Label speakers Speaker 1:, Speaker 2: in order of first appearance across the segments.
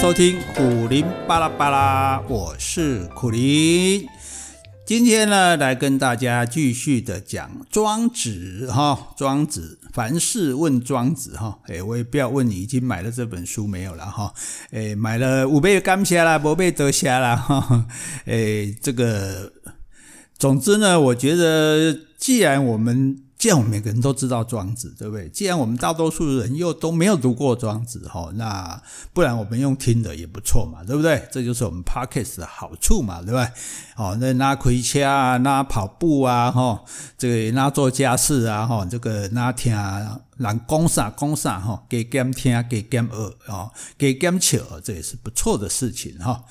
Speaker 1: 收聽苦苓巴拉巴拉，我是苦苓。今天呢，來跟大家繼續的講莊子哈。莊、哦、子，凡事問莊子哈。哎、哦，我也不要問你已經買了這本書沒有了哈。哎、哦，買了五倍干瞎啦博倍得瞎啦哈。哎、哦，這個，總之呢，我覺得既然我們。既然我們每個人都知道莊子，對不對？既然我們大多數人又都沒有讀過莊子，哈、哦，那不然我們用聽的也不錯嘛，對不對？這就是我們 Podcast 的好處嘛，對不對？哦，那拉開車啊，那拉跑步啊，哈、哦，這個拉做家事啊，哈、哦，這個拉聽。人講啥，講啥哈，給講聽，給講餓啊，給講笑，這也是不錯的事情哈。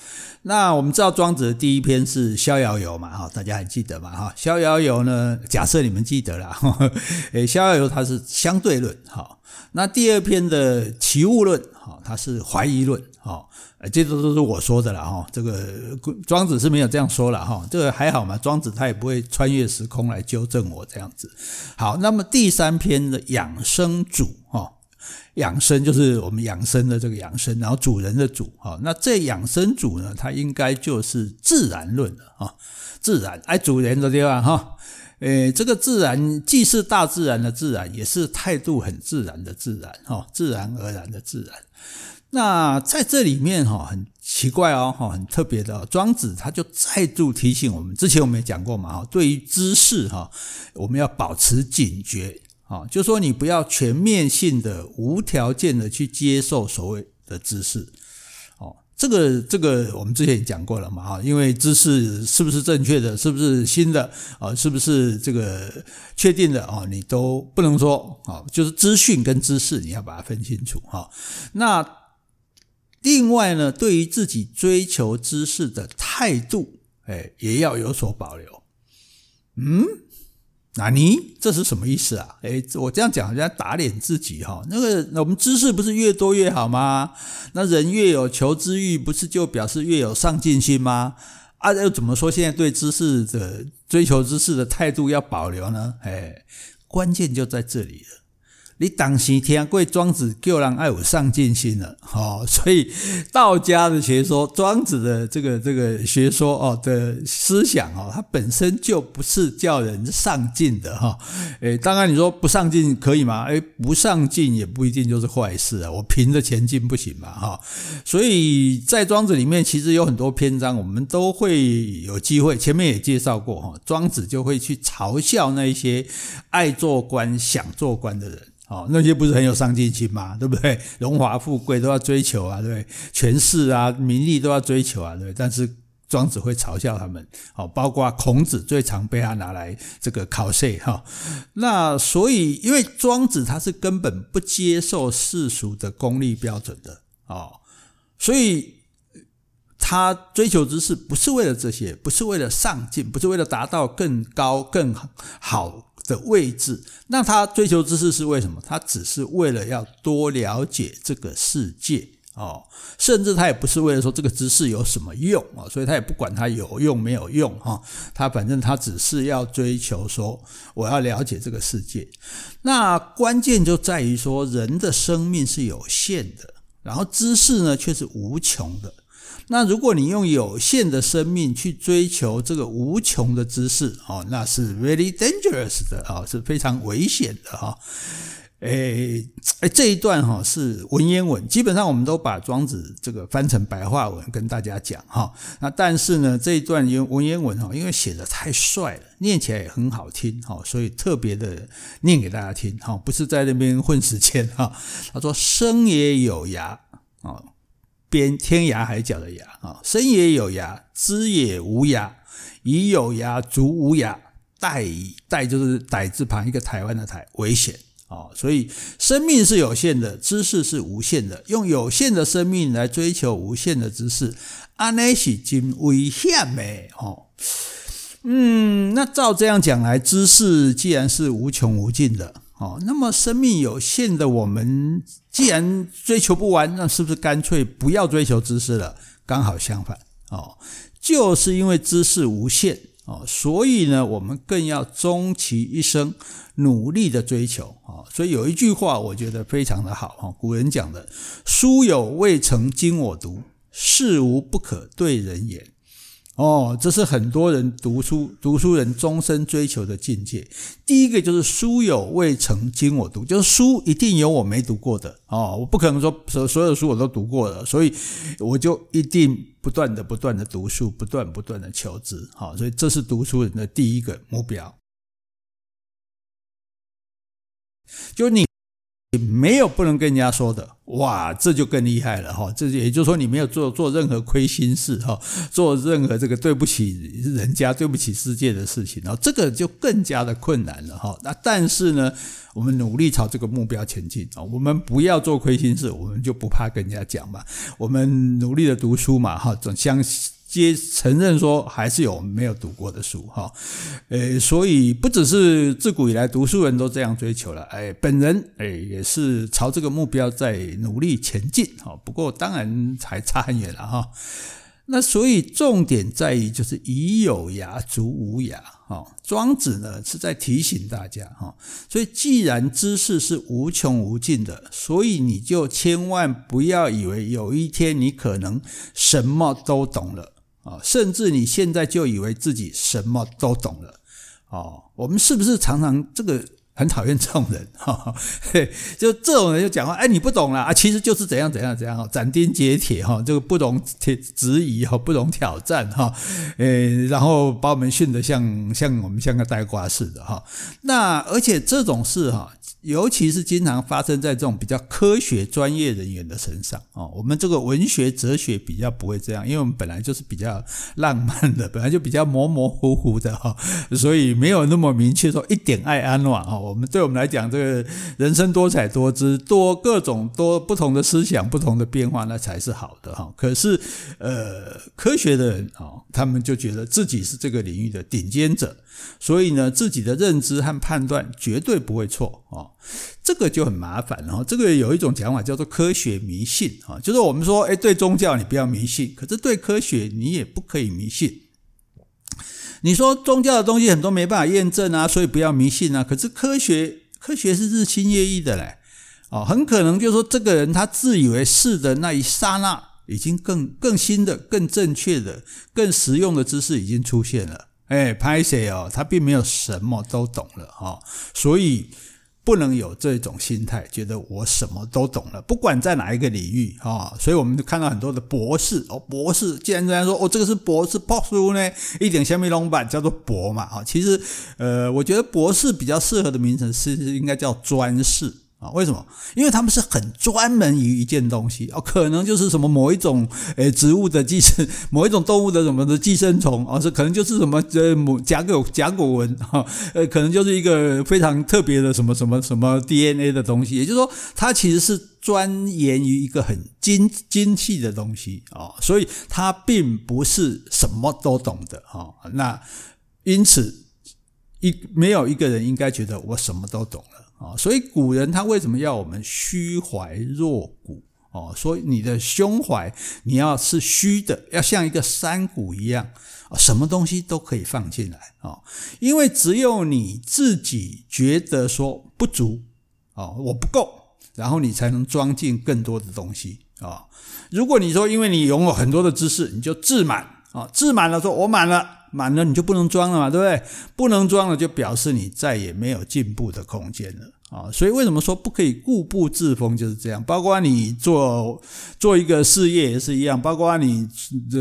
Speaker 1: 那我們知道莊子的第一篇是《逍遙遊》嘛哈，大家還記得嗎哈？《逍遙遊》呢，假設你們記得啦，誒，《逍遙遊》它是相對論哈。那第二篇的齊物論，哈，它是懷疑論，哈，這都都是我說的了，哈，這個莊子是沒有這樣說了，哈，這個還好嘛，莊子他也不會穿越時空來糾正我這樣子。好，那麼第三篇的養生主，哈，養生就是我們養生的這個養生，然後主人的主，哈，那這養生主呢，它應該就是自然論啊，自然哎，主人的，對吧，哈。誒，這個自然既是大自然的自然，也是態度很自然的自然，哈，自然而然的自然。那在這裡面，哈，很奇怪哦，哈，很特別的。莊子他就再度提醒我們，之前我們也講過嘛，哈，對於知識，哈，我們要保持警覺，哈，就說你不要全面性的、無條件的去接受所謂的知識。這個這個我們之前也講過了嘛，因為知識是不是正確的，是不是新的，是不是這個確定的，你都不能說。就是資訊跟知識，你要把它分清楚。那另外呢，對於自己追求知識的態度，也要有所保留。嗯。納尼，這是什麼意思啊？誒，我這樣講，人家打臉自己哈、哦。那個，我們知識不是越多越好嗎？那人越有求知慾，不是就表示越有上進心嗎？啊，又怎麼說現在對知識的追求知識的態度要保留呢？誒，關鍵就在這裡了。你當時聽，各位莊子就叫人要有上進心了，哦，所以道家的學說，莊子的這個這個學說哦的思想哦，它本身就不是叫人上進的哈，誒，當然你說不上進可以嗎？誒，不上進也不一定就是壞事啊，我憑着前進不行嘛，哈，所以在莊子裡面其實有很多篇章，我們都會有機會前面也介紹過哈，莊子就會去嘲笑那一些愛做官想做官的人。哦，那些不是很有上進心嗎？對不對？榮華富貴都要追求啊，對不對？權勢啊，名利都要追求啊，對不對？但是莊子會嘲笑他們，哦，包括孔子最常被他拿來這個考試哈，哦。那所以，因為莊子他是根本不接受世俗的功利標準的，哦，所以他追求知識不是為了這些，不是為了上進，不是為了達到更高更好。的位置，那他追求知識是為什麼？他只是為了要多了解這個世界哦，甚至他也不是為了說這個知識有什麼用啊，所以他也不管他有用沒有用哈、哦，他反正他只是要追求說我要了解這個世界。那關鍵就在於說人的生命是有限的，然後知識呢卻是無窮的。那如果你用有限的生命去追求這個無窮的知識那是 very dangerous 的是非常危險的誒，誒，這一段是文言文，基本上我們都把莊子這個翻成白話文跟大家講但是呢，這一段文言文因為寫得太帥了，念起來也很好聽所以特別的念給大家聽不是在那邊混時間他說：“生也有涯邊天涯海角的涯啊。生也有涯，知也無涯，以有涯足無涯，殆。以殆就是歹字旁一個台灣的台危險啊，所以生命是有限的，知識是無限的，用有限的生命來追求無限的知識，安那是真危險的。嗯，那照這樣講來，知識既然是無窮無盡的，那麼生命有限的我們。既然追求不完，那是不是乾脆不要追求知識了？剛好相反哦，就是因為知識無限哦，所以呢，我們更要終其一生努力的追求啊。所以有一句話，我覺得非常的好哈，古人講的：“書有未曾經我讀，事無不可對人言。”哦，這是很多人讀書、讀書人終身追求的境界。第一個就是書有未曾經我讀，就是書一定有我沒讀過的啊、哦，我不可能說所所有書我都讀過了，所以我就一定不斷的、不斷的讀書，不斷不斷的求知，好、哦，所以這是讀書人的第一個目標，就你。也沒有不能跟人家說的，哇，這就更厲害了哈。這也就是說，你沒有做做任何虧心事哈，做任何這個對不起人家、對不起世界的事情，然後這個就更加的困難了哈。那但是呢，我們努力朝這個目標前進啊，我們不要做虧心事，我們就不怕跟人家講嘛。我們努力的讀書嘛哈，總相信。皆承認說還是有沒有讀過的書哈，誒，所以不只是自古以來讀書人都這樣追求了，哎，本人哎也是朝這個目標在努力前進哈，不過當然還差很遠了哈。那所以重點在於就是以有涯足無涯哈，莊子呢是在提醒大家哈，所以既然知識是無窮無盡的，所以你就千萬不要以為有一天你可能什麼都懂了。啊，甚至你現在就以為自己什麼都懂了。哦，我們是不是常常這個？很討厭這種人，哈、哦，就這種人就講話，哎，你不懂了啊，其實就是怎樣怎樣怎樣，斬釘截鐵哈，這個、哦、不容質疑哈，不容挑戰哈，呃、哦，然後把我們訓得像像我們像個呆瓜似的哈、哦。那而且這種事哈，尤其是經常發生在這種比較科學專業人員的身上啊、哦。我們這個文學哲學比較不會這樣，因為我們本來就是比較浪漫的，本來就比較模模糊糊的哈、哦，所以沒有那麼明確說一點愛安暖哦。我們對我們來講，這個人生多彩多姿，多各種多不同的思想，不同的變化，那才是好的哈。可是，呃，科學的人啊，他們就覺得自己是這個領域的頂尖者，所以呢，自己的認知和判斷絕對不會錯啊。這個就很麻煩了哈。這個有一種講法叫做科學迷信啊，就是我們說，誒，對宗教你不要迷信，可是對科學你也不可以迷信。你說宗教的東西很多沒辦法驗證啊，所以不要迷信啊。可是科學科學是日新月異的嘞，哦，很可能就是說這個人他自以為是的那一剎那，已經更更新的、更正確的、更實用的知識已經出現了。哎，拍謝哦，他並沒有什麼都懂了哈、哦，所以。不能有這種心態，覺得我什麼都懂了，不管在哪一個領域啊、哦。所以，我們就看到很多的博士哦，博士既然這樣說，哦，這個是博士博士呢，一點香檳龍版叫做博嘛啊、哦。其實，呃，我覺得博士比較適合的名稱是應該叫專士。啊，為什麼？因為他們是很專門於一件東西啊，可能就是什麼某一種誒植物的寄生，某一種動物的什麼的寄生蟲啊，是可能就是什麼呃某甲骨甲骨文啊，呃可能就是一個非常特別的什麼什麼什麼 DNA 的東西，也就是說，它其實是鑽研於一個很精精細的東西啊，所以它並不是什麼都懂的啊，那因此一沒有一個人應該覺得我什麼都懂了。啊，所以古人他為什麼要我們虛懷若谷？哦，說你的胸懷你要是虛的，要像一個山谷一樣，啊，什麼東西都可以放進來啊。因為只有你自己覺得說不足，哦，我不夠，然後你才能裝進更多的東西啊。如果你說因為你擁有很多的知識，你就自滿啊，自滿了說我滿了。滿了你就不能裝了嘛，對不對？不能裝了就表示你再也沒有進步的空間了啊！所以為什麼說不可以固步自封？就是這樣。包括你做做一個事業也是一樣，包括你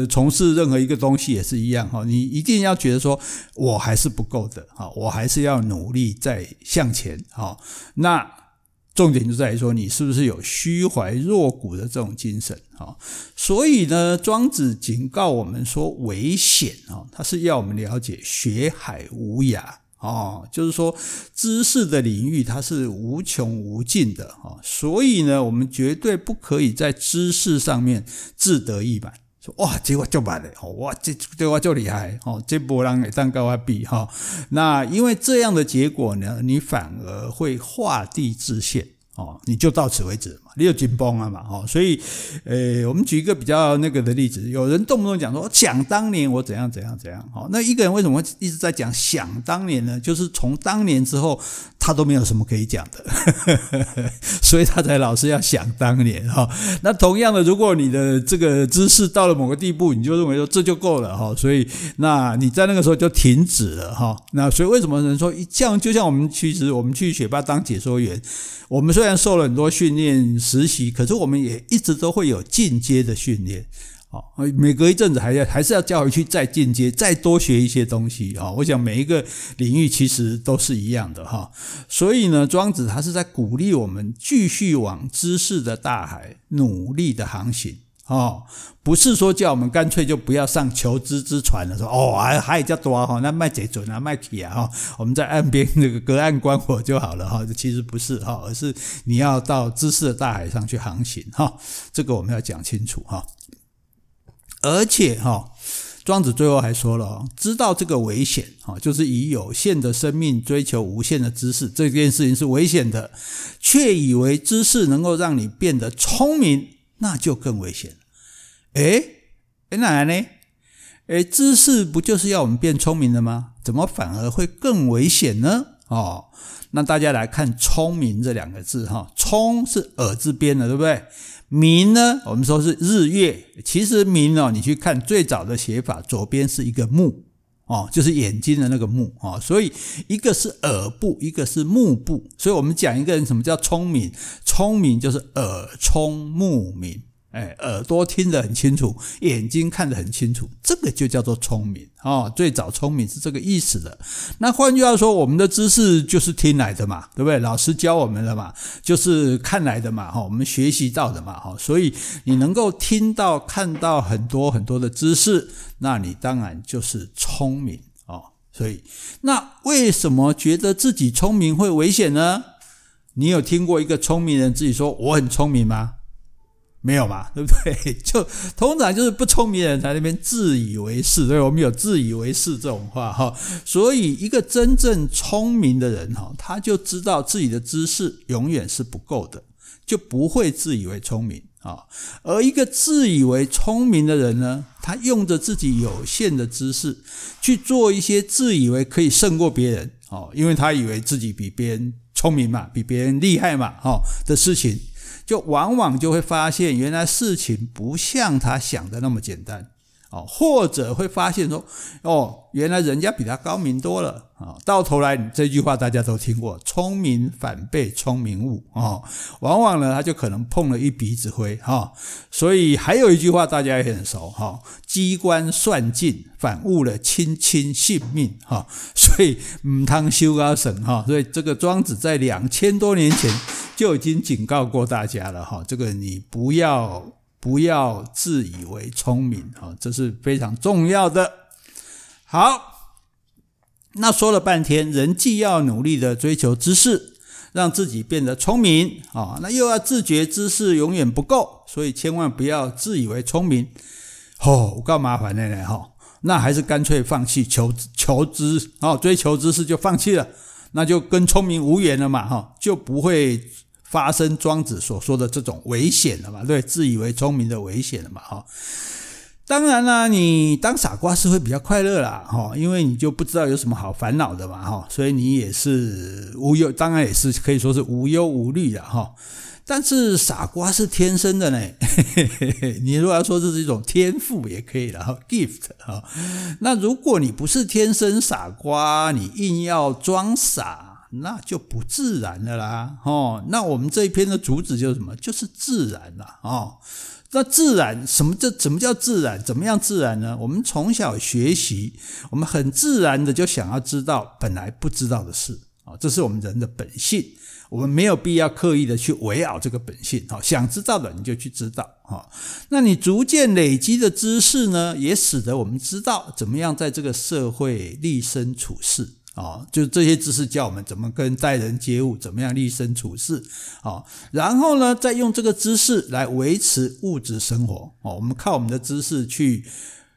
Speaker 1: 從事任何一個東西也是一樣哈。你一定要覺得說我還是不夠的哈，我還是要努力再向前啊。那。重點就在於說，你是不是有虛懷若谷的這種精神、哦、所以呢，莊子警告我們說，危險啊，他、哦、是要我們了解學海無涯、哦、就是說知識的領域它是無窮無盡的、哦、所以呢，我們絕對不可以在知識上面自得意滿。哇，結果就買了，哇，這結果就厲害，哦，這波讓也上高啊比哈、哦，那因為這樣的結果呢，你反而會畫地自限，哦，你就到此為止。你有緊繃了嘛？哦，所以，呃，我們舉一個比較那個的例子，有人動不動講說，想當年我怎樣怎樣怎樣。哦，那一個人為什麼會一直在講想當年呢？就是從當年之後，他都沒有什麼可以講的， 所以他才老是要想當年哈。那同樣的，如果你的這個知識到了某個地步，你就認為說這就夠了哈，所以那你在那個時候就停止了哈。那所以為什麼人說一像就像我們其實我們去雪霸當解說員，我們雖然受了很多訓練。實習，可是我們也一直都會有進階的訓練，啊，每隔一陣子還要還是要叫回去再進階，再多學一些東西啊。我想每一個領域其實都是一樣的哈，所以呢，莊子他是在鼓勵我們繼續往知識的大海努力的航行。哦，不是說叫我們乾脆就不要上求知之船了，說哦，還還有叫多哈，那賣賊準啊，賣起啊哈，我們在岸邊那、這個隔岸觀火就好了哈、哦。其實不是哈、哦，而是你要到知識的大海上去航行哈、哦。這個我們要講清楚哈、哦。而且哈、哦，莊子最後還說了哈，知道這個危險哈、哦，就是以有限的生命追求無限的知識這件事情是危險的，卻以為知識能夠讓你變得聰明，那就更危險了。哎，哪來呢？哎，知識不就是要我們變聰明的嗎？怎麼反而會更危險呢？哦，那大家來看“聰明”這兩個字哈、哦，“聰”是耳字邊的，對不對？“明”呢，我們說是日月。其實“明”哦，你去看最早的寫法，左邊是一個“木”。哦，就是眼睛的那個目哦，所以一個是耳部，一個是目部，所以我們講一個人什麼叫聰明，聰明就是耳聰目明。哎，耳朵聽得很清楚，眼睛看得很清楚，這個就叫做聰明哦。最早聰明是這個意思的。那換句話說，我們的知識就是聽來的嘛，對不對？老師教我們的嘛，就是看來的嘛，哈、哦。我們學習到的嘛，哈、哦。所以你能夠聽到、看到很多很多的知識，那你當然就是聰明哦。所以，那為什麼覺得自己聰明會危險呢？你有聽過一個聰明人自己說我很聰明嗎？沒有嘛，對不對？就通常就是不聰明的人在那邊自以為是，所以我們有自以為是這種話哈。所以一個真正聰明的人哈，他就知道自己的知識永遠是不夠的，就不會自以為聰明啊。而一個自以為聰明的人呢，他用着自己有限的知識去做一些自以為可以勝過別人哦，因為他以為自己比別人聰明嘛，比別人厲害嘛哦的事情。就往往就會發現，原來事情不像他想的那麼簡單哦，或者會發現說，哦，原來人家比他高明多了啊。到頭來，這句話大家都聽過，聰明反被聰明誤。往往呢，他就可能碰了一鼻子灰哈。所以還有一句話大家也很熟哈，機關算盡反誤了卿卿性命哈。所以唔貪修高神。哈。所以這個莊子在兩千多年前。就已經警告過大家了哈，這個你不要不要自以為聰明哈，這是非常重要的。好，那說了半天，人既要努力地追求知識，讓自己變得聰明啊、哦，那又要自覺知識永遠不夠，所以千萬不要自以為聰明。哦，我幹嘛反對呢？哈、哦，那還是乾脆放棄求求知啊、哦，追求知識就放棄了，那就跟聰明無緣了嘛，哈、哦，就不會。發生莊子所說的這種危險的嘛？對，自以為聰明的危險的嘛？哈，當然啦、啊，你當傻瓜是會比較快樂啦，哈，因為你就不知道有什麼好煩惱的嘛，哈，所以你也是無憂，當然也是可以說是無憂無慮的哈。但是傻瓜是天生的呢，嘿嘿嘿嘿，你如果要說這是一種天賦也可以了，哈，gift 哈，那如果你不是天生傻瓜，你硬要裝傻。那就不自然了啦，哦，那我們這一篇的主旨就是什麼？就是自然了，啊，哦，那自然什麼叫怎麼叫自然？怎麼樣自然呢？我們從小學習，我們很自然的就想要知道本來不知道的事，哦，這是我們人的本性，我們沒有必要刻意的去圍繞這個本性，哦，想知道的你就去知道，哦，那你逐漸累積的知識呢，也使得我們知道怎麼樣在這個社會立身處世。啊、哦，就這些知識教我們怎麼跟待人接物，怎麼樣立身處世，啊、哦，然後呢，再用這個知識來維持物質生活，哦，我們靠我們的知識去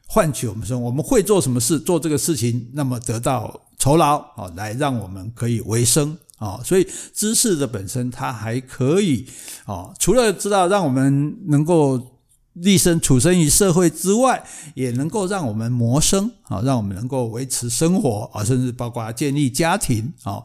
Speaker 1: 換取我們生活，我們會做什麼事，做這個事情，那麼得到酬勞，哦，來讓我們可以維生，啊、哦，所以知識的本身它還可以，哦，除了知道讓我們能夠。立身處身於社會之外，也能夠讓我們謀生啊、哦，讓我們能夠維持生活啊，甚至包括建立家庭啊、哦。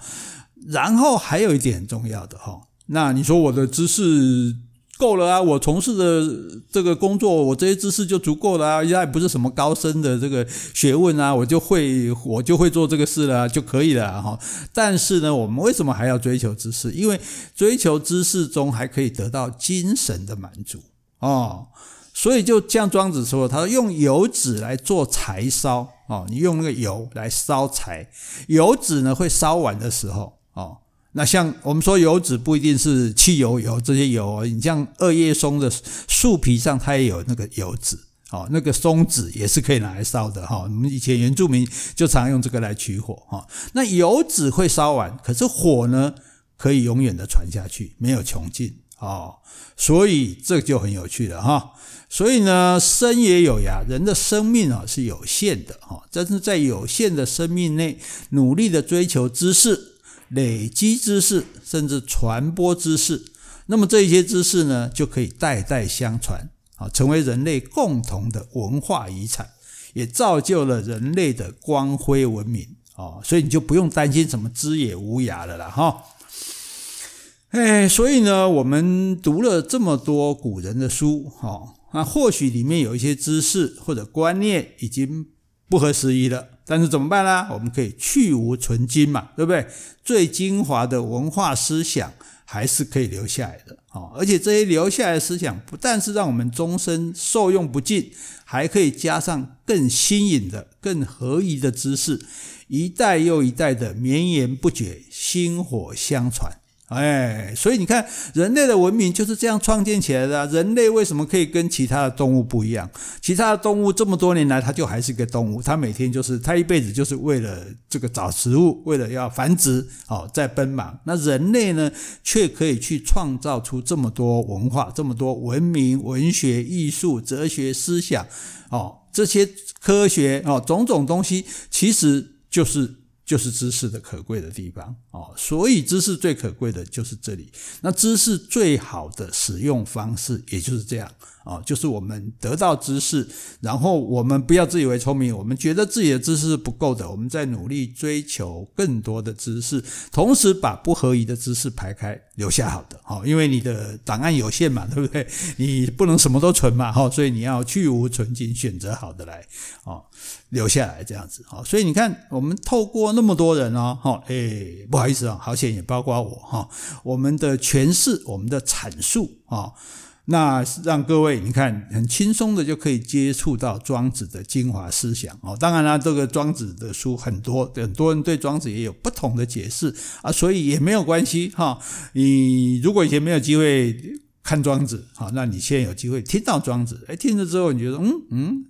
Speaker 1: 然後還有一點很重要的哈、哦，那你說我的知識夠了啊，我從事的這個工作，我這些知識就足夠了啊，也不是什麼高深的這個學問啊，我就會我就會做這個事了就可以了哈、哦。但是呢，我們為什麼還要追求知識？因為追求知識中還可以得到精神的滿足啊。哦所以，就像莊子說，他說，用油脂來做柴燒哦，你用那個油來燒柴，油脂呢會燒完的時候哦，那像我們說油脂不一定是汽油、油、油這些油，你像二葉松的樹皮上它也有那個油脂哦，那個松脂也是可以拿來燒的哈。我們以前原住民就常用這個來取火哈。那油脂會燒完，可是火呢可以永遠的傳下去，沒有窮盡哦。所以這就很有趣了哈。所以呢，生也有涯，人的生命啊是有限的啊。正是在有限的生命內，努力的追求知識、累積知識，甚至傳播知識，那麼這些知識呢，就可以代代相傳啊，成為人類共同的文化遺產，也造就了人類的光輝文明啊。所以你就不用擔心什麼知也無涯了啦哈。哎，所以呢，我們讀了這麼多古人的書哈。那或許裡面有一些知識或者觀念已經不合時宜了，但是怎麼辦呢？我們可以去蕪存菁嘛，對不對？最精華的文化思想還是可以留下來的啊，哦！而且這些留下來的思想，不但是讓我們終身受用不盡，還可以加上更新穎的、更合宜的知識，一代又一代的綿延不絕，薪火相傳。哎，所以你看，人類的文明就是這樣創建起來的啊，人類為什麼可以跟其他的動物不一樣？其他的動物這麼多年來，它就還是一個動物，它每天就是它一輩子就是為了這個找食物，為了要繁殖，哦，在奔忙。那人類呢，卻可以去創造出這麼多文化、這麼多文明、文學、藝術、哲學思想，哦，這些科學，哦，種種東西，其實就是。就是知識的可貴的地方哦，所以知識最可貴的就是這裡。那知識最好的使用方式，也就是這樣。啊、哦，就是我們得到知識，然後我們不要自以為聰明，我們覺得自己的知識是不夠的，我們在努力追求更多的知識，同時把不合宜的知識排開，留下好的。哦，因為你的檔案有限嘛，對不對？你不能什麼都存嘛，哦、所以你要去蕪存菁，選擇好的來、哦，留下來這樣子。哦、所以你看，我們透過那麼多人、哦哦哎、不好意思、哦、好險也包括我、哦、我們的詮釋，我們的闡述，哦那讓各位你看很輕鬆的就可以接觸到莊子的精華思想哦。當然了啊，這個莊子的書很多，很多人對莊子也有不同的解釋啊，所以也沒有關係哈。你如果以前沒有機會看莊子，哈，那你現在有機會聽到莊子，哎，聽了之後你覺得嗯嗯，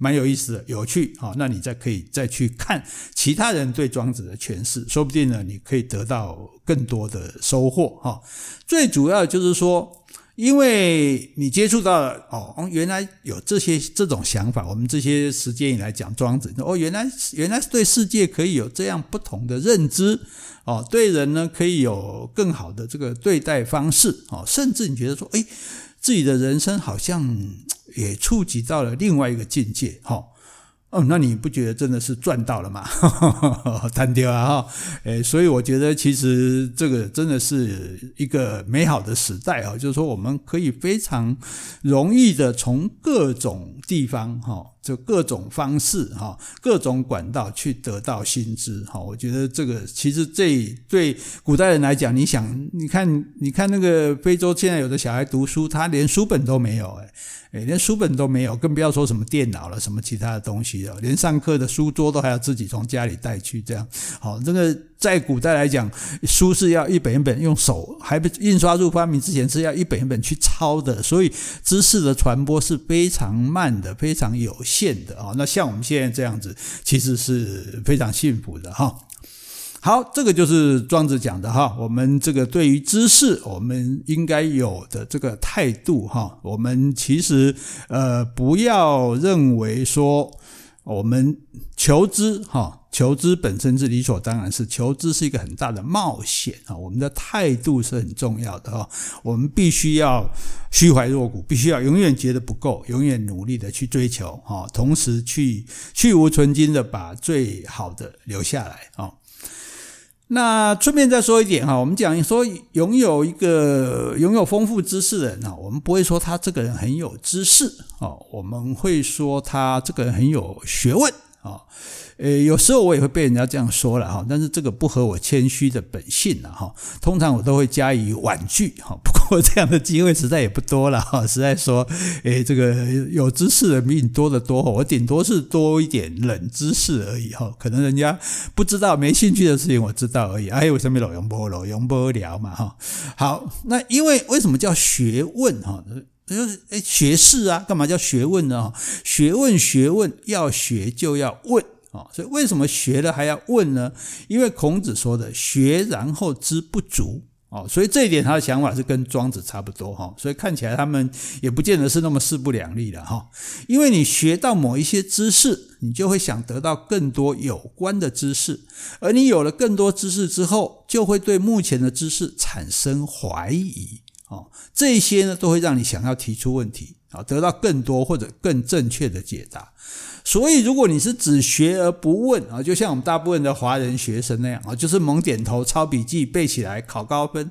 Speaker 1: 蠻有意思的，有趣，哈，那你再可以再去看其他人對莊子的詮釋，說不定呢，你可以得到更多的收穫哈。最主要就是說。因為你接觸到了哦，原來有這些這種想法。我們這些時間以來講莊子，哦，原來原來對世界可以有這樣不同的認知，哦，對人呢可以有更好的這個對待方式，哦，甚至你覺得說，哎，自己的人生好像也觸及到了另外一個境界，哦。哦，那你不覺得真的是賺到了嗎？貪丟啊哈！誒，所以我覺得其實這個真的是一個美好的時代啊、哦，就是說我們可以非常容易的從各種地方哈、哦，就各種方式哈、哦，各種管道去得到新知哈、哦。我覺得這個其實這對古代人來講，你想，你看，你看那個非洲現在有的小孩讀書，他連書本都沒有誒哎，連書本都沒有，更不要說什麼電腦了，什麼其他的東西了。連上課的書桌都還要自己從家裡帶去，這樣好。這、哦、個在古代來講，書是要一本一本用手，還不印刷術發明之前是要一本一本去抄的，所以知識的傳播是非常慢的，非常有限的啊、哦。那像我們現在這樣子，其實是非常幸福的哈。哦好，這個就是莊子講的哈，我們這個對於知識，我們應該有的這個態度哈。我們其實呃，不要認為說我們求知哈，求知本身是理所當然是，是求知是一個很大的冒險啊。我們的態度是很重要的哈。我們必須要虛懷若谷，必須要永遠覺得不夠，永遠努力的去追求哈。同時去去蕪存菁的把最好的留下來啊。那順便再說一點哈，我們講說擁有一個擁有豐富知識的人啊，我們不會說他這個人很有知識啊，我們會說他這個人很有學問啊。呃，有時候我也會被人家這樣說了哈，但是這個不合我謙虛的本性了哈。通常我都會加以婉拒哈。不過這樣的機會實在也不多了哈。實在說，誒，這個有知識的比你多得多，我頂多是多一點冷知識而已哈。可能人家不知道、沒興趣的事情我知道而已。哎，我上面老楊波、老楊波聊嘛哈。好，那因為為什麼叫學問哈？就是誒，誒，學士啊，幹嘛叫學問呢？學問，學問，要學就要問。啊，所以為什麼學了還要問呢？因為孔子說的“學然後知不足”啊，所以這一點他的想法是跟莊子差不多哈。所以看起來他們也不見得是那麼勢不兩立的哈。因為你學到某一些知識，你就會想得到更多有關的知識，而你有了更多知識之後，就會對目前的知識產生懷疑啊。這些呢，都會讓你想要提出問題。啊，得到更多或者更正確的解答。所以，如果你是只學而不問啊，就像我們大部分的華人學生那樣啊，就是猛點頭、抄筆記、背起來、考高分。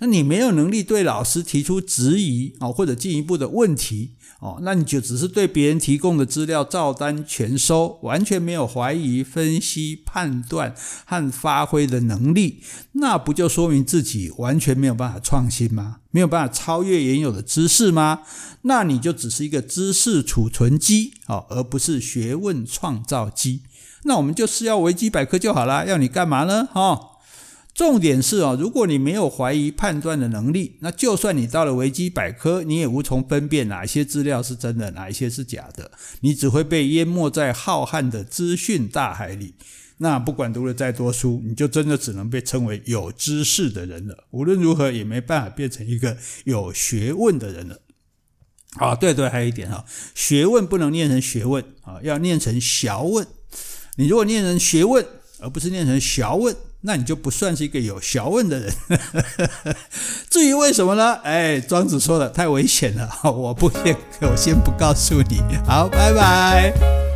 Speaker 1: 那你沒有能力對老師提出質疑啊，或者進一步的問題哦，那你就只是對別人提供的資料照單全收，完全沒有懷疑、分析、判斷和發揮的能力，那不就說明自己完全沒有辦法創新嗎？沒有辦法超越原有的知識嗎？那你就只是一個知識儲存機哦，而不是學問創造機。那我們就是要維基百科就好啦，要你幹嘛呢？哈。重點是啊，如果你沒有懷疑判斷的能力，那就算你到了維基百科，你也無從分辨哪些資料是真的，哪一些是假的。你只會被淹沒在浩瀚的資訊大海裡。那不管讀了再多書，你就真的只能被稱為有知識的人了。無論如何，也沒辦法變成一個有學問的人了。啊，對對，還有一點哈，學問不能念成學問啊，要念成“學問”。你如果念成學問，而不是念成“學問”。那你就不算是一個有學問的人。 至於為什麼呢？哎，莊子說了，太危險了，我不先，我先不告訴你。好，拜拜。